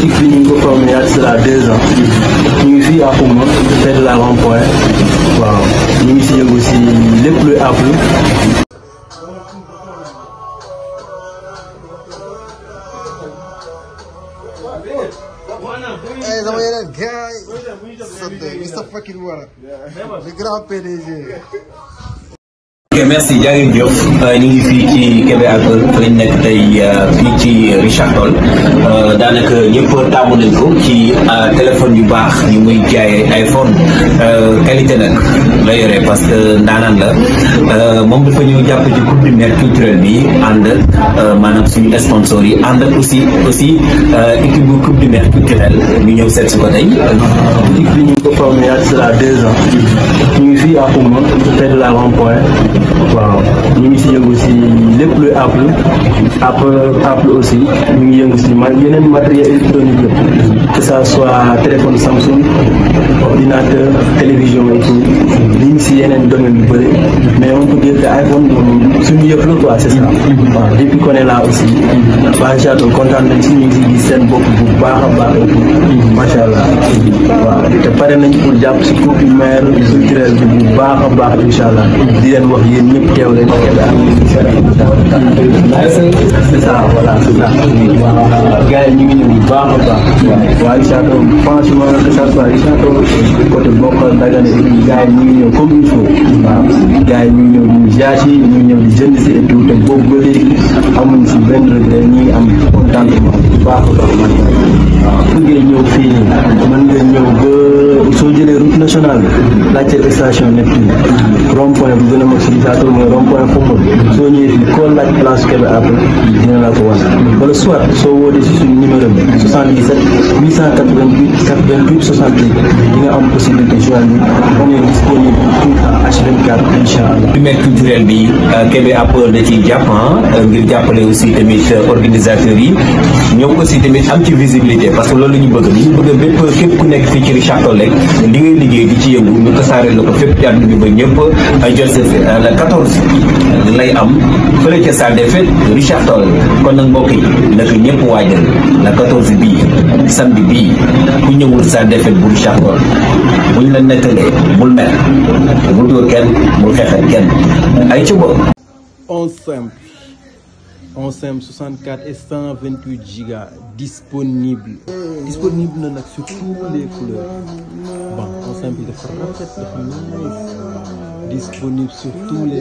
boutique bi ñu ngi ko formé il y a cela deux ans ñu ngi fii à Koungheul fête la rond-point waaw ñu ngi si yëngu si lépp luy Apple ay sama yeneen gars yi sant Mr Fakir Wara le grand PDG merci jaa ngeen jëf euh, ñu ngi fii ci Kébé ak lañ nekk tey euh, fii ci Richard Toll euh, daanaka ñëpp taamu nañ ko ci téléphone yu baax ñu muy jaayee iPhone qualité nag la yore parce que ndaanaan la moom dafa ñëw jàpp ci coutumière culturelle bi ànd maanaam suñu sponsor yi ànd aussi aussi équipe bu coutumière culturelle ñu ñëw seet si ko tey. ñu ngi ko formé il y a deux ans. ñu ngi fii à Poumon près de la rond-point. waaw ñu ngi si yëngu si lépp luy Apple Apple Apple aussi ñu ngi yëngu si man yeneen matériel électronique yëpp que ça soit téléphone Samsung ordinateur télévision et tout ñu ngi si yeneen domaine yu bëri mais on peut dire iPhone suñu yëpp la quoi c'est ça waaw depuis qu'on aussi ba incha kontaan si ñu ngi si gis seen bopp bu baax a baax macha allah waaw te pare nañ ko jàpp si coupe du maire culturelle bi bu baax a baax incha allah di leen wax yéen ñëpp teew leen c'est ça voilà c'est yi ñu ngi ñëw bu baax a baax waaw incha allah franchement que ça soit incha allah côté bokkal dagane yi gars yi ñu ngi ñëw comme il faut waaw jaasi ñu ngi ñëw jënd si et tout te boobu ba amuñ si benn regret ñu ngi am national bi laajteel station Neptune rond bu gën a mag si gisaatul mooy rond point Khombole soo ñëwee fii koo laaj place Kébé après dina la ko wan wala soit soo wootee si suñu numéro bi 77 888 88 68 di nga am possibilité joindre on est disponible H24 incha allah. primaire culturel bi euh, Kébé Apeur da ciy jàpp euh, ngir jàppale aussi tamit euh, organisateurs yi ñoom aussi tamit am ci visibilité parce que loolu la ñu bëgg dañu bëgg bépp képp ku nekk fii ci Richard Toll li ngay liggéey di ci yëngu ñu tasaare la ko fépp ci àdduna bi ba ñëpp jot sa le 14 lay kon nag mbokk yi naka ñëpp waajal le 14 bii samedi bii ku ñëwul salle des bu Richard Toll. buñ la nettalee bul mel bul dóor kenn bul xeexal kenn ay ci bo on simple on simple 64 et 128 giga disponible disponible na nag sur toutes les couleurs disponible sur tous les